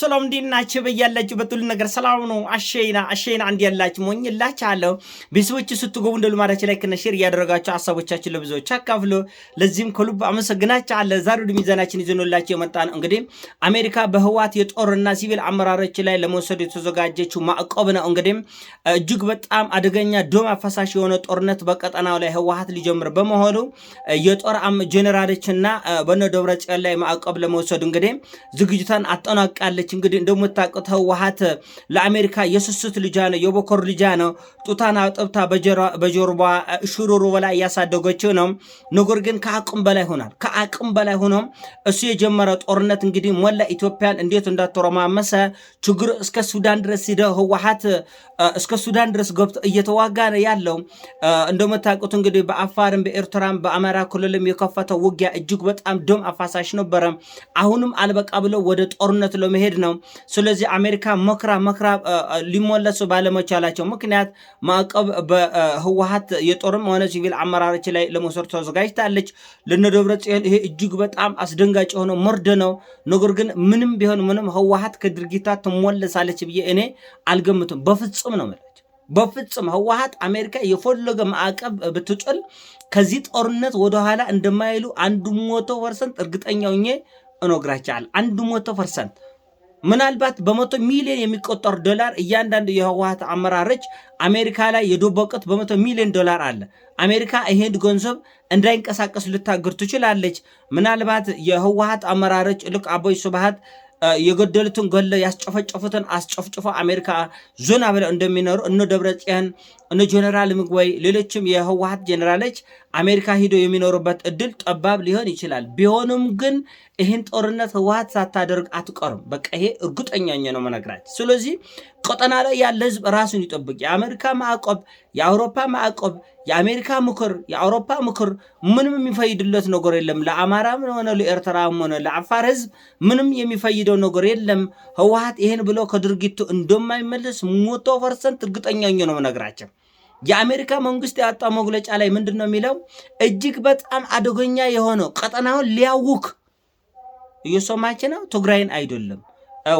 ሰላም እንዴት ናችሁ? በያላችሁበት ሁሉ ነገር ሰላም ነው። አሸይና አሸይና አንድ ያላችሁ አለው ቤተሰቦች ስትጎቡ እንደ ልማዳችሁ ላይ እና ሼር እያደረጋችሁ ሀሳቦቻችን ለብዙዎች አካፍሉ። ለዚህም ከልብ አለ። ዛሬ ወደ ሚዛናችን ይዘንላችሁ የመጣን እንግዲህ አሜሪካ በህዋት የጦርና ሲቪል አመራሮች ላይ ለመውሰድ የተዘጋጀችው ማዕቀብ ነው። እንግዲህ እጅግ በጣም አደገኛ ደም አፋሳሽ የሆነ ጦርነት በቀጠናው ላይ ህወሓት ሊጀምር በመሆኑ የጦር ጄኔራሎችና በነ ደብረ ደብረጽዮን ላይ ማዕቀብ ለመውሰድ እንግዲህ ዝግጅቷን አጠናቃለች። ትገኛለች። እንግዲህ እንደምታውቁት ህወሓት ለአሜሪካ የስስት ልጃ ነው፣ የቦኮር ልጃ ነው። ጡታን አውጥብታ በጀርባ ሹሩሩ በላይ እያሳደገችው ነው። ነገር ግን ከአቅም በላይ ሆናል። ከአቅም በላይ ሆኖ እሱ የጀመረ ጦርነት እንግዲህ ሞላ ኢትዮጵያን እንዴት እንዳተረማመሰ ችግር እስከ ሱዳን ድረስ ሂደ ህወሓት እስከ ሱዳን ድረስ ገብቶ እየተዋጋ ነው ያለው። እንደምታውቁት እንግዲህ በአፋርም በኤርትራም በአማራ ክልልም የከፈተው ውጊያ እጅግ በጣም ደም አፋሳሽ ነበረ። አሁንም አልበቃ ብሎ ወደ ጦርነት ለመሄድ ነው። ስለዚህ አሜሪካ መክራ መክራ ሊሞለሱ ባለመቻላቸው ምክንያት ማዕቀብ በህወሀት የጦርም ሆነ ሲቪል አመራሮች ላይ ለመውሰድ ተዘጋጅታለች። ለነደብረ ጽዮን ይሄ እጅግ በጣም አስደንጋጭ የሆነ መርዶ ነው። ነገር ግን ምንም ቢሆን ምንም ህወሀት ከድርጊቷ ትሞለሳለች ብዬ እኔ አልገምትም። በፍጹም ነው የምላቸው። በፍጹም ህወሀት አሜሪካ የፈለገ ማዕቀብ ብትጭል ከዚህ ጦርነት ወደኋላ እንደማይሉ አንድ ሞቶ ፐርሰንት እርግጠኛው እኔ እኖግራቸዋል አንድ ሞቶ ፐርሰንት ምናልባት በመቶ ሚሊዮን የሚቆጠሩ ዶላር እያንዳንዱ የህወሀት አመራሮች አሜሪካ ላይ የደበቁት በመቶ ሚሊዮን ዶላር አለ። አሜሪካ ይሄን ገንዘብ እንዳይንቀሳቀስ ልታግር ትችላለች። ምናልባት የህወሀት አመራሮች ልክ አቦይ ስብሃት የገደሉትን ገለ ያስጨፈጨፉትን አስጨፍጭፎ አሜሪካ ዞና ብለው እንደሚኖሩ እነ ደብረጽዮን እነ ጀኔራል ምግባይ ሌሎችም የህወሀት ጀኔራሎች አሜሪካ ሂዶ የሚኖሩበት እድል ጠባብ ሊሆን ይችላል። ቢሆንም ግን ይህን ጦርነት ህወሓት ሳታደርግ አትቀርም። በቃ ይሄ እርግጠኛኛ ነው መነግራቸው። ስለዚህ ቀጠና ላይ ያለ ህዝብ ራሱን ይጠብቅ። የአሜሪካ ማዕቀብ፣ የአውሮፓ ማዕቀብ፣ የአሜሪካ ምክር፣ የአውሮፓ ምክር ምንም የሚፈይድለት ነገር የለም። ለአማራም ሆነ ለኤርትራም ሆነ ለአፋር ህዝብ ምንም የሚፈይደው ነገር የለም። ህወሓት ይህን ብሎ ከድርጊቱ እንደማይመለስ መቶ ፐርሰንት እርግጠኛኛ ነው መነግራቸው። የአሜሪካ መንግስት ያወጣው መግለጫ ላይ ምንድን ነው የሚለው? እጅግ በጣም አደገኛ የሆነው ቀጠናውን ሊያውክ እየሰማች ነው። ትግራይን አይደለም፣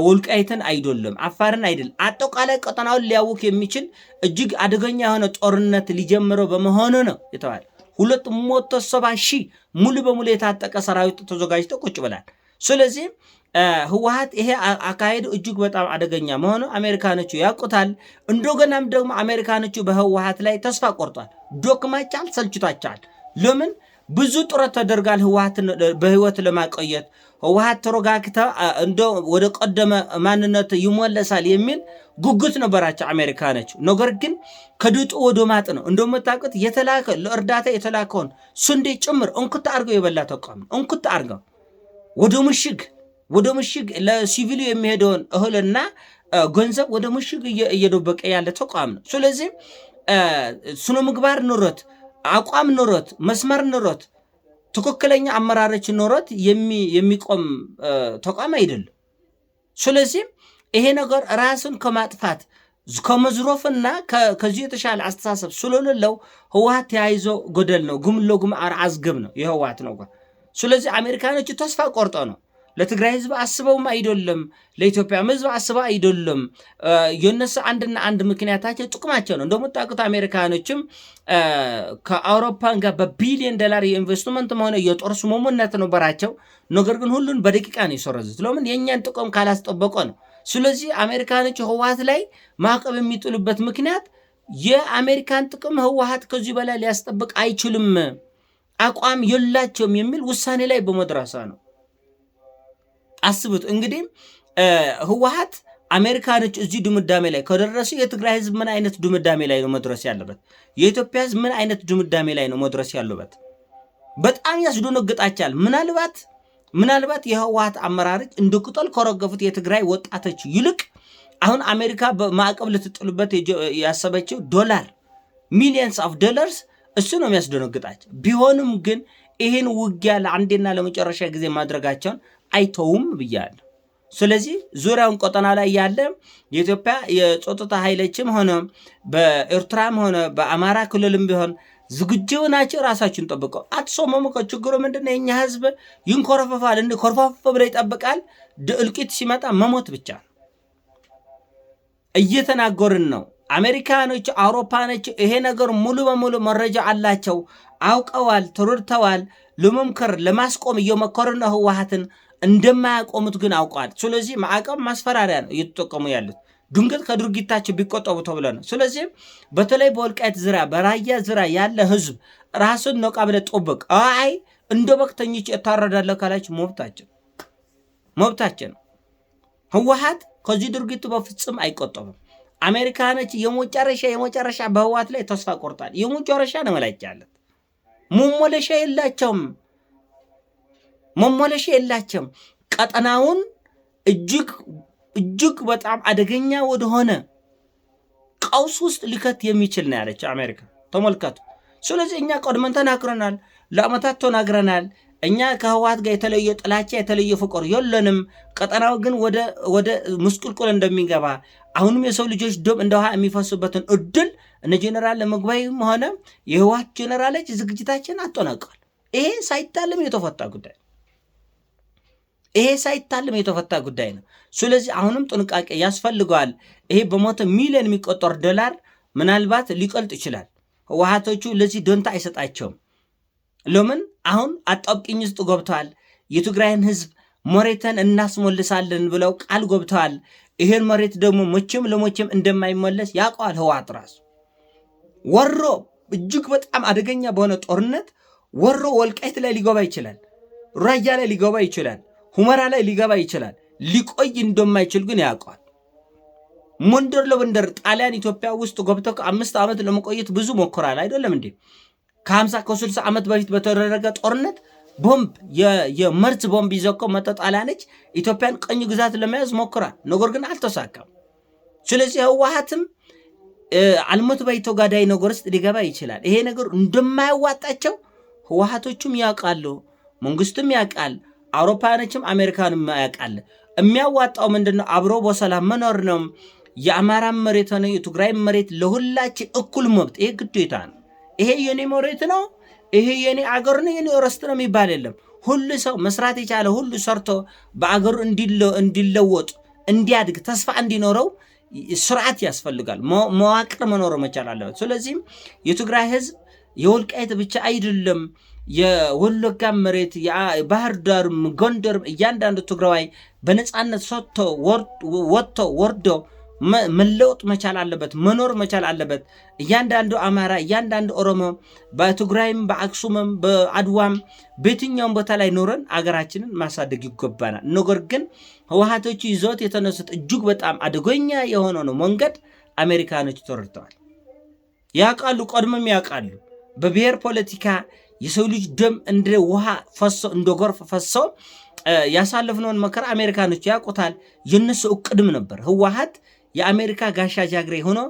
ወልቃይትን አይደለም፣ አፋርን አይደለም፣ አጠቃላይ ቀጠናውን ሊያውክ የሚችል እጅግ አደገኛ የሆነ ጦርነት ሊጀምረው በመሆኑ ነው የተባለ። ሁለት መቶ ሰባ ሺህ ሙሉ በሙሉ የታጠቀ ሰራዊት ተዘጋጅተው ቁጭ ብላል። ስለዚህ ህወሀት ይሄ አካሄድ እጅግ በጣም አደገኛ መሆኑ አሜሪካኖቹ ያውቁታል። እንደገናም ደግሞ አሜሪካኖቹ በህወሀት ላይ ተስፋ ቆርጧል፣ ዶክማቻል፣ ሰልችቷቻል። ለምን ብዙ ጥረት ተደርጋል ህወሀትን በህይወት ለማቆየት ህወሀት ተረጋግተ እንደ ወደ ቀደመ ማንነት ይመለሳል የሚል ጉጉት ነበራቸው አሜሪካኖች። ነገር ግን ከድጡ ወደ ማጥ ነው። እንደምታውቁት የተላከ ለእርዳታ የተላከውን ስንዴ ጭምር እንኩት አርገው የበላ ተቋም እንኩት አርገው ወደ ምሽግ ወደ ምሽግ ለሲቪሉ የሚሄደውን እህልና ገንዘብ ወደ ምሽግ እየደበቀ ያለ ተቋም ነው። ስለዚህ ስነ ምግባር ኖሮት፣ አቋም ኖሮት፣ መስመር ኖሮት፣ ትክክለኛ አመራሮች ኖረት የሚቆም ተቋም አይደለም። ስለዚህ ይሄ ነገር ራስን ከማጥፋት ከመዝሮፍና ከዚህ የተሻለ አስተሳሰብ ስለሌለው ህወሓት ተያይዞ ጎደል ነው። ጉም ለጉም ነው የህወሓት ነገር። ስለዚህ አሜሪካኖች ተስፋ ቆርጦ ነው ለትግራይ ህዝብ አስበውም አይደለም፣ ለኢትዮጵያ ህዝብ አስበው አይደለም። የነሱ አንድና አንድ ምክንያታቸው ጥቅማቸው ነው። እንደምታውቁት አሜሪካኖችም ከአውሮፓን ጋር በቢሊዮን ዶላር የኢንቨስትመንትም ሆነ የጦር ስምምነት ነበራቸው። ነገር ግን ሁሉን በደቂቃ ነው የሰረዙት። ለምን? የእኛን ጥቅም ካላስጠበቀ ነው። ስለዚህ አሜሪካኖች ህወሓት ላይ ማዕቀብ የሚጥሉበት ምክንያት የአሜሪካን ጥቅም ህወሓት ከዚህ በላይ ሊያስጠብቅ አይችልም፣ አቋም የላቸውም የሚል ውሳኔ ላይ በመድረሳ ነው። አስቡት እንግዲህ ህወሀት አሜሪካኖች እዚህ ድምዳሜ ላይ ከደረሱ የትግራይ ህዝብ ምን አይነት ድምዳሜ ላይ ነው መድረስ ያለበት? የኢትዮጵያ ህዝብ ምን አይነት ድምዳሜ ላይ ነው መድረስ ያለበት? በጣም ያስደነግጣቻል። ምናልባት ምናልባት የህወሀት አመራሮች እንደ ቅጠል ከረገፉት የትግራይ ወጣቶች ይልቅ አሁን አሜሪካ በማዕቀብ ልትጥሉበት ያሰበችው ዶላር ሚሊየንስ ኦፍ ዶላርስ እሱ ነው የሚያስደነግጣቸው። ቢሆንም ግን ይህን ውጊያ ለአንዴና ለመጨረሻ ጊዜ ማድረጋቸውን አይተውም ብያለሁ። ስለዚህ ዙሪያውን ቆጠና ላይ ያለ የኢትዮጵያ የጸጥታ ኃይሎችም ሆነ በኤርትራም ሆነ በአማራ ክልልም ቢሆን ዝግጅው ናቸው። ራሳችን ጠብቀው አትሶመሙ። ችግሩ ምንድነው? የኛ ህዝብ ይንኮረፈፋል። እንደ ኮርፋፈ ብለ ይጠብቃል። እልቂት ሲመጣ መሞት ብቻ ነው። እየተናገርን ነው። አሜሪካኖች፣ አውሮፓኖች ይሄ ነገር ሙሉ በሙሉ መረጃ አላቸው። አውቀዋል፣ ተረድተዋል። ልምምክር ለማስቆም እየመከሩ ነው ህወሓትን እንደማያቆሙት ግን አውቀዋል። ስለዚህ ማዕቀብ ማስፈራሪያ ነው እየተጠቀሙ ያሉት ድንገት ከድርጊታቸው ቢቆጠቡ ተብሎ ነው። ስለዚህ በተለይ በወልቃይት ዝራ በራያ ዝራ ያለ ህዝብ ራስን ነቃ ብለህ ጠብቅ። አይ እንደ በክተኞች እታረዳለሁ ካላችሁ መብታቸው መብታቸው ነው። ህወሓት ከዚህ ድርጊቱ በፍጹም አይቆጠቡም። አሜሪካኖች የመጨረሻ የመጨረሻ በህወሓት ላይ ተስፋ ቆርጣል። የመጨረሻ ነው መላጫ ያለት ሙሞለሻ የላቸውም። መሞለሻ የላቸውም። ቀጠናውን እጅግ እጅግ በጣም አደገኛ ወደሆነ ቀውስ ውስጥ ሊከት የሚችል ነው ያለችው አሜሪካ። ተመልከቱ። ስለዚህ እኛ ቀድመን ተናግረናል፣ ለአመታት ተናግረናል። እኛ ከህወሓት ጋር የተለየ ጥላቻ የተለየ ፍቅር የለንም። ቀጠናው ግን ወደ ምስቁልቁል እንደሚገባ አሁንም የሰው ልጆች ደም እንደ ውሃ የሚፈሱበትን እድል እነ ጄኔራል ምግባይም ሆነ የህወሓት ጄኔራሎች ዝግጅታችን አጠናቀዋል። ይሄ ሳይታለም የተፈታ ጉዳይ ይሄ ሳይታለም የተፈታ ጉዳይ ነው። ስለዚህ አሁንም ጥንቃቄ ያስፈልገዋል። ይሄ በመቶ ሚሊዮን የሚቆጠር ዶላር ምናልባት ሊቀልጥ ይችላል። ህወሓቶቹ ለዚህ ደንታ አይሰጣቸውም። ለምን አሁን አጣብቂኝ ውስጥ ገብተዋል። የትግራይን ህዝብ መሬትን እናስመልሳለን ብለው ቃል ገብተዋል። ይሄን መሬት ደግሞ መቼም ለመቼም እንደማይመለስ ያውቀዋል ህወሓት ራሱ ወሮ እጅግ በጣም አደገኛ በሆነ ጦርነት ወሮ ወልቃይት ላይ ሊገባ ይችላል፣ ራያ ላይ ሊገባ ይችላል። ሁመራ ላይ ሊገባ ይችላል። ሊቆይ እንደማይችል ግን ያውቀዋል። ሞንደር ለመንደር ጣሊያን ኢትዮጵያ ውስጥ ገብተ ከአምስት ዓመት ለመቆየት ብዙ ሞክራል አይደለም እንዴ? ከ50 ከ60 ዓመት በፊት በተደረገ ጦርነት ቦምብ የመርዝ ቦምብ ይዘኮ መጠ ጣሊያኖች ኢትዮጵያን ቀኝ ግዛት ለመያዝ ሞክራል ነገር ግን አልተሳካም። ስለዚህ ህወሓትም አልሞት ባይ ተጋዳይ ነገር ውስጥ ሊገባ ይችላል። ይሄ ነገር እንደማያዋጣቸው ህወሓቶቹም ያውቃሉ፣ መንግስቱም ያውቃል። አውሮፓውያኖችም አሜሪካንም ያውቃል። የሚያዋጣው ምንድነው? አብሮ በሰላም መኖር ነው። የአማራ መሬት ሆነ የትግራይ መሬት ለሁላችን እኩል መብት፣ ይሄ ግዴታ ነው። ይሄ የኔ መሬት ነው፣ ይሄ የኔ አገር ነው፣ የኔ ርስት ነው የሚባል የለም። ሁሉ ሰው መስራት የቻለ ሁሉ ሰርቶ በአገሩ እንዲለወጥ እንዲያድግ ተስፋ እንዲኖረው ስርዓት ያስፈልጋል። መዋቅር መኖር መቻል አለበት። ስለዚህም የትግራይ ህዝብ የወልቃይት ብቻ አይደለም የወለጋ መሬት ባህር ዳርም ጎንደርም እያንዳንዱ ትግራዋይ በነፃነት ሰጥቶ ወጥቶ ወርዶ መለወጥ መቻል አለበት፣ መኖር መቻል አለበት። እያንዳንዱ አማራ፣ እያንዳንዱ ኦሮሞ በትግራይም፣ በአክሱምም፣ በአድዋም በየትኛውም ቦታ ላይ ኖረን አገራችንን ማሳደግ ይገባናል። ነገር ግን ህወሓቶቹ ይዞት የተነሱት እጅግ በጣም አደገኛ የሆነ ነው መንገድ አሜሪካኖች ተረድተዋል። ያውቃሉ፣ ቀድሞም ያውቃሉ። በብሔር ፖለቲካ የሰው ልጅ ደም እንደ ውሃ ፈሶ እንደ ጎርፍ ፈሶ ያሳለፍነውን መከራ አሜሪካኖች ያውቁታል። የነሱ እቅድም ነበር። ህወሓት የአሜሪካ ጋሻ ጃግሬ ሆኖ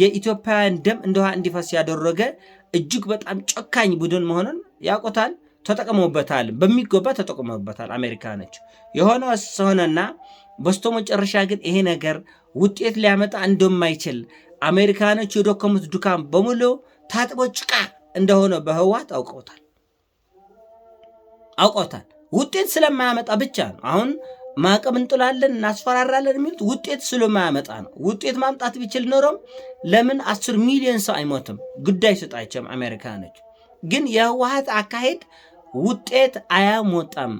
የኢትዮጵያውያን ደም እንደ ውሃ እንዲፈስ ያደረገ እጅግ በጣም ጨካኝ ቡድን መሆኑን ያውቁታል። ተጠቅመውበታል፣ በሚገባ ተጠቅመውበታል አሜሪካኖች። የሆነ ሆነና በስቶ መጨረሻ ግን ይሄ ነገር ውጤት ሊያመጣ እንደማይችል አሜሪካኖች የደከሙት ድካም በሙሉ ታጥቦ ጭቃ እንደሆነ በህወሓት አውቀውታል አውቀውታል። ውጤት ስለማያመጣ ብቻ ነው። አሁን ማዕቀብ እንጥላለን እናስፈራራለን የሚሉት ውጤት ስለማያመጣ ነው። ውጤት ማምጣት ቢችል ኖሮም ለምን አስር ሚሊዮን ሰው አይሞትም? ጉዳይ ስጣቸውም አሜሪካኖች። ግን የህወሓት አካሄድ ውጤት አያሞጣም።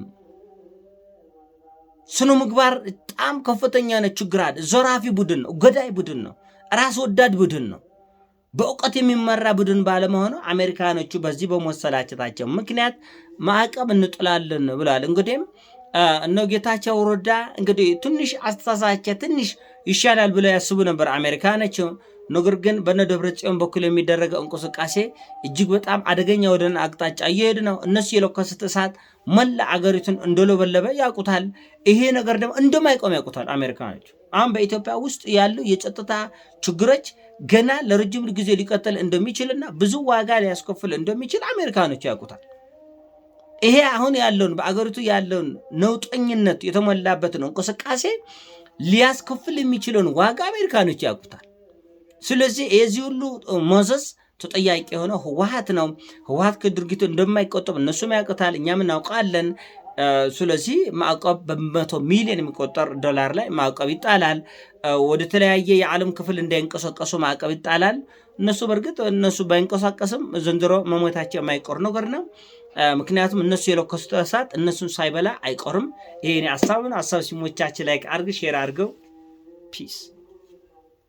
ስነ ምግባር በጣም ከፍተኛ ችግር አለ። ዘራፊ ቡድን ነው፣ ገዳይ ቡድን ነው፣ ራስ ወዳድ ቡድን ነው። በእውቀት የሚመራ ቡድን ባለመሆኑ አሜሪካኖቹ በዚህ በመሰላቸታቸው ምክንያት ማዕቀብ እንጥላለን ብሏል። እንግዲህም እነ ጌታቸው ረዳ እንግዲህ ትንሽ አስተሳሰባቸው ትንሽ ይሻላል ብለው ያስቡ ነበር አሜሪካኖቹ። ነገር ግን በነ ጽዮን በኩል የሚደረገው እንቅስቃሴ እጅግ በጣም አደገኛ ወደን አቅጣጫ እየሄድ ነው። እነሱ የለኮሱት እሳት መላ አገሪቱን እንደለበለበ ያውቁታል። ይሄ ነገር ደግሞ እንደማይቆም ያውቁታል አሜሪካኖች። አሁን በኢትዮጵያ ውስጥ ያሉ የጸጥታ ችግሮች ገና ለረጅም ጊዜ ሊቀጥል እንደሚችልና ብዙ ዋጋ ሊያስከፍል እንደሚችል አሜሪካኖች ያውቁታል። ይሄ አሁን ያለውን በአገሪቱ ያለውን ነውጠኝነት የተሞላበትን እንቅስቃሴ ሊያስከፍል የሚችለውን ዋጋ አሜሪካኖች ያውቁታል። ስለዚህ የዚህ ሁሉ ሞዘስ ተጠያቂ የሆነው ህወሀት ነው። ህወሀት ከድርጊቱ እንደማይቆጠብ እነሱም ያውቁታል፣ እኛም እናውቃለን። ስለዚህ ማዕቀብ በመቶ ሚሊዮን የሚቆጠር ዶላር ላይ ማዕቀብ ይጣላል። ወደ ተለያየ የዓለም ክፍል እንዳይንቀሳቀሱ ማዕቀብ ይጣላል። እነሱ በእርግጥ እነሱ ባይንቀሳቀስም ዘንድሮ መሞታቸው የማይቀር ነገር ነው። ምክንያቱም እነሱ የለኮሱት እሳት እነሱን ሳይበላ አይቆርም። ይሄ ሀሳብ ነው። ሀሳብ ሲሞቻችን ላይክ አድርግ፣ ሼር አድርገው። ፒስ